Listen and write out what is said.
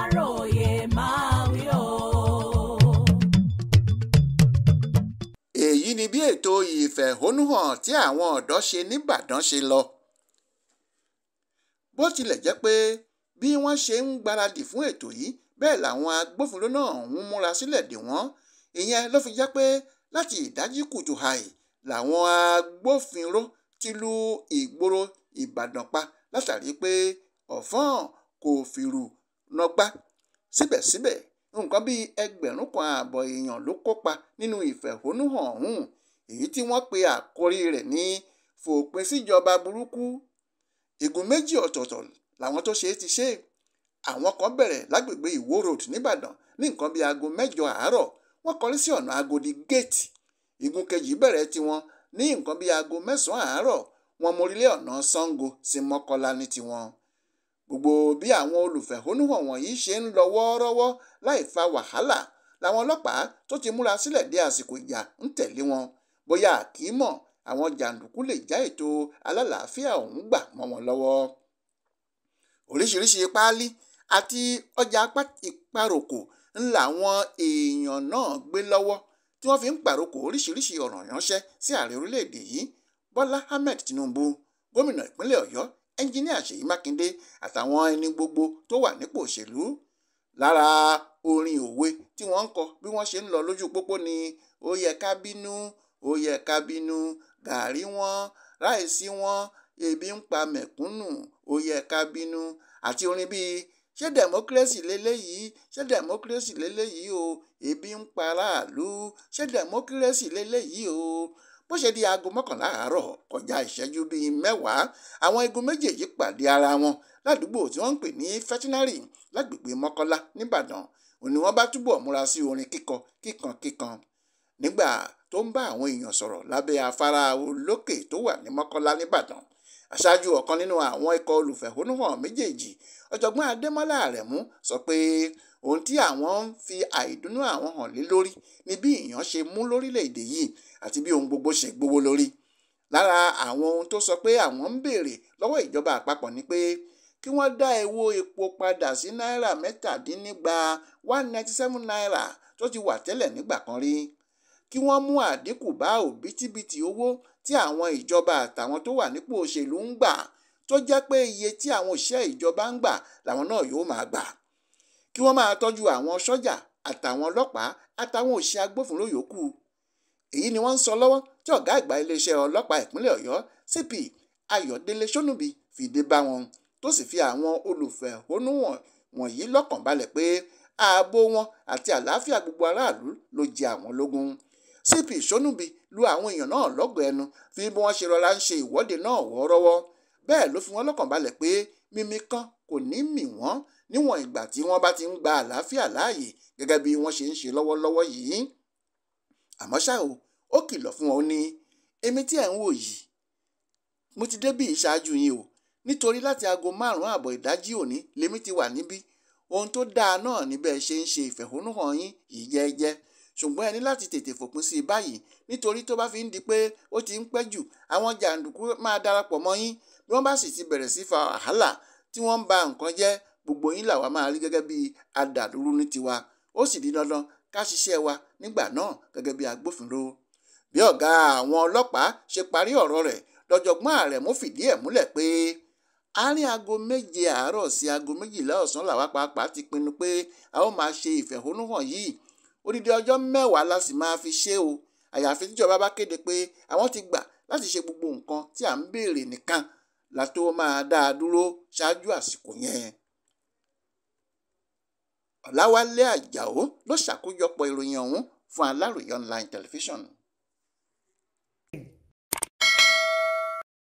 aláròye èyí ni bí ètò ìfẹ̀hónúhàn tí àwọn ọ̀dọ́ ṣe nìbàdàn ṣe lọ. bó tilẹ̀ jẹ́ pé bí wọ́n ṣe ń gbáradì fún ètò yìí bẹ́ẹ̀ làwọn agbófinró náà ń múra sílẹ̀ dè wọ́n ìyẹn ló fi jẹ́ pé láti ìdájí kùtù hàì làwọn agbófinró ti lu ìgboro Ìbàdàn pa látàrí pé ọ̀fọ́n kò fìrù nọgbà síbẹ̀síbẹ̀ nǹkan bíi ẹgbẹ̀rún kan ààbọ̀ èèyàn ló kópa nínú ìfẹ̀hónúhàn ọ̀hún èyí tí wọ́n pe àkórí rẹ̀ ní fòpin síjọba burúkú igun méjì ọ̀tọ̀ọ̀tọ̀ làwọn tó ṣe é ti ṣe é àwọn kan bẹ̀rẹ̀ lágbègbè ìwó road nìbàdàn ní nǹkan bíi aago mẹ́jọ àárọ̀ wọ́n kọrí sí ọ̀nà agodi gate igun kejì bẹ̀rẹ̀ tiwọn ní nǹkan bíi aago mẹ́sàn-án àárọ̀ wọ́n mórílé ọ̀nà sango sí mọ́kọ́lá ní tiwọn gbogbo bí àwọn olùfẹ̀hónúhàn wọ̀nyí ṣe ń lọ wọ́ọ́rọ́wọ́ láì fa wàhálà làwọn ọlọ́pàá tó ti múra sílẹ̀ dé àsìkò ìjà ń tẹ̀lé wọn bóyá kì í mọ̀ àwọn jàǹdùkú lè já ètò alálàáfíà ọ̀hún gbà mọ́ wọn lọ́wọ́. oríṣiríṣi páálí àti ọjà ìparòkò ń làwọn èèyàn náà gbé lọ́wọ́ tí wọ́n fi ń pàròkò oríṣiríṣi ọ̀ràn ránṣẹ́ sí ààrẹ orílẹ̀-èdè yìí Bọ́lá Ahmed Tinubu gómìnà ìpínlẹ̀ Ọ̀yọ́ ẹnjiníà ṣèyí mákindé àtàwọn ẹni gbogbo tó wà nípò òṣèlú lára orin òwe tí wọ́n ń kọ bí wọ́n ṣe ń lọ lójú pópó ni ó yẹ ká bínú ó yẹ ká bínú gàárì wọn ráìsí wọn ebi ń pa mẹ̀kúnnù ó yẹ ká bínú àti orin bíi ṣé democracy lélẹ́yìí ṣé democracy lélẹ́yìí o ebi ń pa aráàlú ṣé democracy lélẹ́yìí o bó ṣe di aago mọ́kànlá àárọ̀ kọjá ìṣẹ́jú bíi mẹ́wàá àwọn igun méjèèjì pàdé ara wọn ládùúgbò tí wọ́n ń pè ní fẹ́tínárì lágbègbè mọ́kọ́lá nìbàdàn òní wọ́n bá túbọ̀ múra sí orin kíkọ kíkan kíkan nígbà tó ń bá àwọn èèyàn sọ̀rọ̀ lábẹ́ afárá olókè tó wà ní mọ́kọ́lá nìbàdàn aṣáájú ọ̀kan nínú àwọn ikọ̀ olùfẹ̀hónúhàn méjèèjì ọ̀jọ̀gbọ́n adémọ́lá àrẹ̀mú sọ pé ohun tí àwọn ń fi àìdùnnú àwọn hàn lé lórí ni bí ìyàn ṣe mú lórílẹ̀‐èdè yìí àti bí ohun gbogbo ṣe gbówó lórí lára àwọn ohun tó sọ pé àwọn ń béèrè lọ́wọ́ ìjọba àpapọ̀ ni pé kí wọ́n dá ewo epo padà sí náírà mẹ́tàdínnígba one ninety seven naira tó ti wà tẹ́lẹ̀ nígbà kan rí kí wọ́n mú àdínkù bá òbítíbitì owó tí àwọn ìjọba àtàwọn tó wà nípò òṣèlú ń gbà tó jẹ́ pé iye tí àwọn òṣìṣẹ́ ìjọba ń gbà làwọn náà yóò máa gbà kí wọ́n máa tọ́jú àwọn sọ́jà àtàwọn ọlọ́pàá àtàwọn òṣìṣẹ́ agbófinró yòókù èyí ni wọ́n ń sọ lọ́wọ́ tí ọ̀gá àgbà iléeṣẹ́ ọlọ́pàá ìpínlẹ̀ ọ̀yọ́ cp ayọ̀délé sọ́nùbí fìdí bá wọn tó sì fi àwọn olùfẹ̀hónúhàn wọ̀nyí lọ́kàn balẹ̀ pé ààbò wọn àti àlàáfíà gbogbo aráàlú ló jẹ àwọn lógún cp sonubi lu àwọn èèyàn náà lọ́gọ̀ ẹnu fi bí wọ́n ṣe rọra ń ṣe ìwọ́de náà wọ́ọ́rọ́wọ́ bẹ́ẹ̀ ló fi wọ́n lọ́kàn balẹ̀ pé mímí kan kò ní mì wọ́n níwọ̀n ìgbà tí wọ́n bá ti ń gba àlàáfíà láàyè gẹ́gẹ́ bí wọ́n ṣe ń ṣe lọ́wọ́lọ́wọ́ yìí àmọ́ ṣá o ó kìlọ̀ fún wọn ó ní èmi tí ẹ̀ ń wò yìí mo ti débí ìṣáájú yín o nítorí láti aago márùn-ún àbọ̀ ìdájí òní lèmi ti wà níbí ohun tó dáa náà níbẹ̀ ṣe ń ṣe ìfẹ̀hónúhàn yín yìí jẹ́ẹ́jẹ́ ṣùgbọ́n ẹ ní láti tètè fòpin sí i báyìí nítorí tó bá fi ń di pé ó ti ń pẹ́ jù àwọn jàǹdùkú máa darapọ̀ mọ́ yín bí wọ́n bá sì ti bẹ̀rẹ̀ sí fa wàhálà tí wọ́n ń ba nǹkan jẹ́ gbogbo yín làwa máa rí gẹ́gẹ́ bí adàlúrú ní tiwa ó sì di dandan ká ṣiṣẹ́ wa nígbà náà gẹ́gẹ́ bí agbófinró bí ọ̀gá àwọn ọlọ́pàá ṣe parí ọ̀rọ̀ rẹ̀ lọ́jọ̀gbọ́n Àrẹ̀mú fìdí ẹ̀ múlẹ̀ pé àárín aago méje àárọ̀ sí aago méjìlá ọ̀sán làwa pàápàá ti pinnu pé a ó máa ṣe ìfẹ̀hónúhàn yìí odidi ọjọ́ mẹ́wàá la sì máa fi ṣe o àyàfi tíjọba bá kéde pé àwọn ti gbà láti ṣe gbogbo nǹkan tí à ń béèrè nìkan la tó máa dá a dúró ṣáájú àsìkò yẹn. Ọláwálé Àjàó ló ṣàkójọpọ̀ ìròyìn ọ̀hún fún Aláròyé online television.